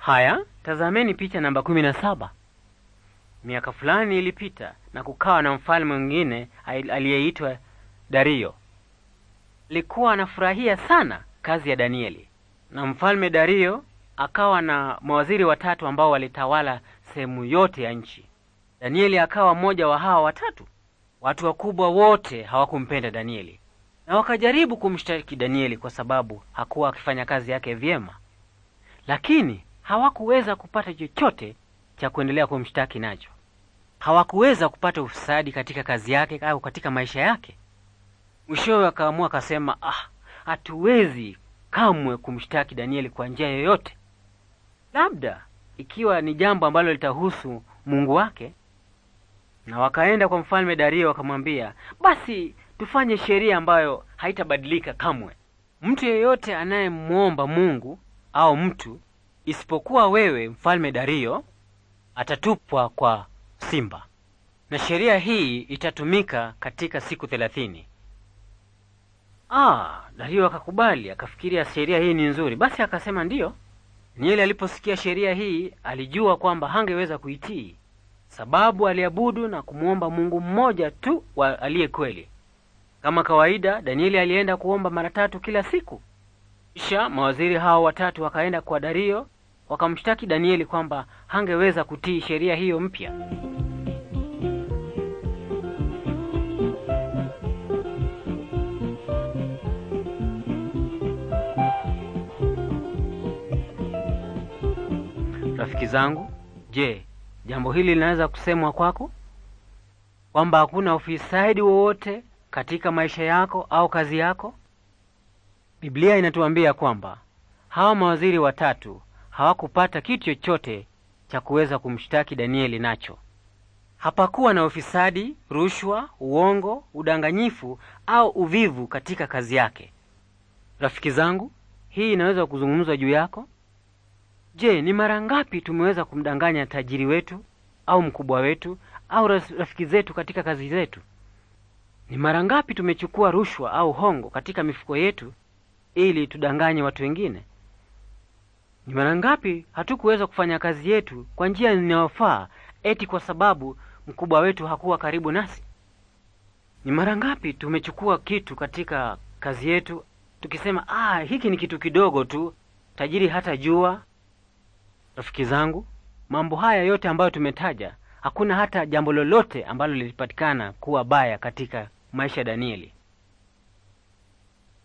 Haya, tazameni picha namba kumi na saba. Miaka fulani ilipita na kukawa na mfalme mwingine aliyeitwa Dario. Alikuwa anafurahia sana kazi ya Danieli, na mfalme Dario akawa na mawaziri watatu ambao walitawala sehemu yote ya nchi. Danieli akawa mmoja wa hawa watatu. Watu wakubwa wote hawakumpenda Danieli na wakajaribu kumshtaki Danieli kwa sababu hakuwa akifanya kazi yake vyema, lakini hawakuweza kupata chochote cha kuendelea kumshtaki nacho. Hawakuweza kupata ufisadi katika kazi yake au katika maisha yake. Mwishowe akaamua akasema, ah, hatuwezi kamwe kumshtaki Danieli kwa njia yoyote, labda ikiwa ni jambo ambalo litahusu Mungu wake. Na wakaenda kwa mfalme Dario wakamwambia, basi tufanye sheria ambayo haitabadilika kamwe. Mtu yeyote anayemwomba Mungu au mtu isipokuwa wewe mfalme Dario atatupwa kwa simba, na sheria hii itatumika katika siku thelathini. Ah, Dario akakubali, akafikiria sheria hii ni nzuri, basi akasema ndiyo. Nieli aliposikia sheria hii alijua kwamba hangeweza kuitii, sababu aliabudu na kumwomba Mungu mmoja tu aliye kweli. Kama kawaida, Danieli alienda kuomba mara tatu kila siku. Kisha mawaziri hao watatu wakaenda kwa Dario wakamshtaki Danieli kwamba hangeweza kutii sheria hiyo mpya. Rafiki zangu, je, jambo hili linaweza kusemwa kwako kwamba hakuna ufisadi wowote katika maisha yako au kazi yako? Biblia inatuambia kwamba hawa mawaziri watatu hawakupata kitu chochote cha kuweza kumshtaki Danieli nacho. Hapakuwa na ufisadi, rushwa, uongo, udanganyifu au uvivu katika kazi yake. Rafiki zangu, hii inaweza kuzungumzwa juu yako. Je, ni mara ngapi tumeweza kumdanganya tajiri wetu au mkubwa wetu au rafiki zetu katika kazi zetu? Ni mara ngapi tumechukua rushwa au hongo katika mifuko yetu ili tudanganye watu wengine? Ni mara ngapi hatukuweza kufanya kazi yetu kwa njia inayofaa eti kwa sababu mkubwa wetu hakuwa karibu nasi? Ni mara ngapi tumechukua kitu katika kazi yetu tukisema, ah, hiki ni kitu kidogo tu, tajiri hata jua. Rafiki zangu, mambo haya yote ambayo tumetaja, hakuna hata jambo lolote ambalo lilipatikana kuwa baya katika maisha ya Danieli.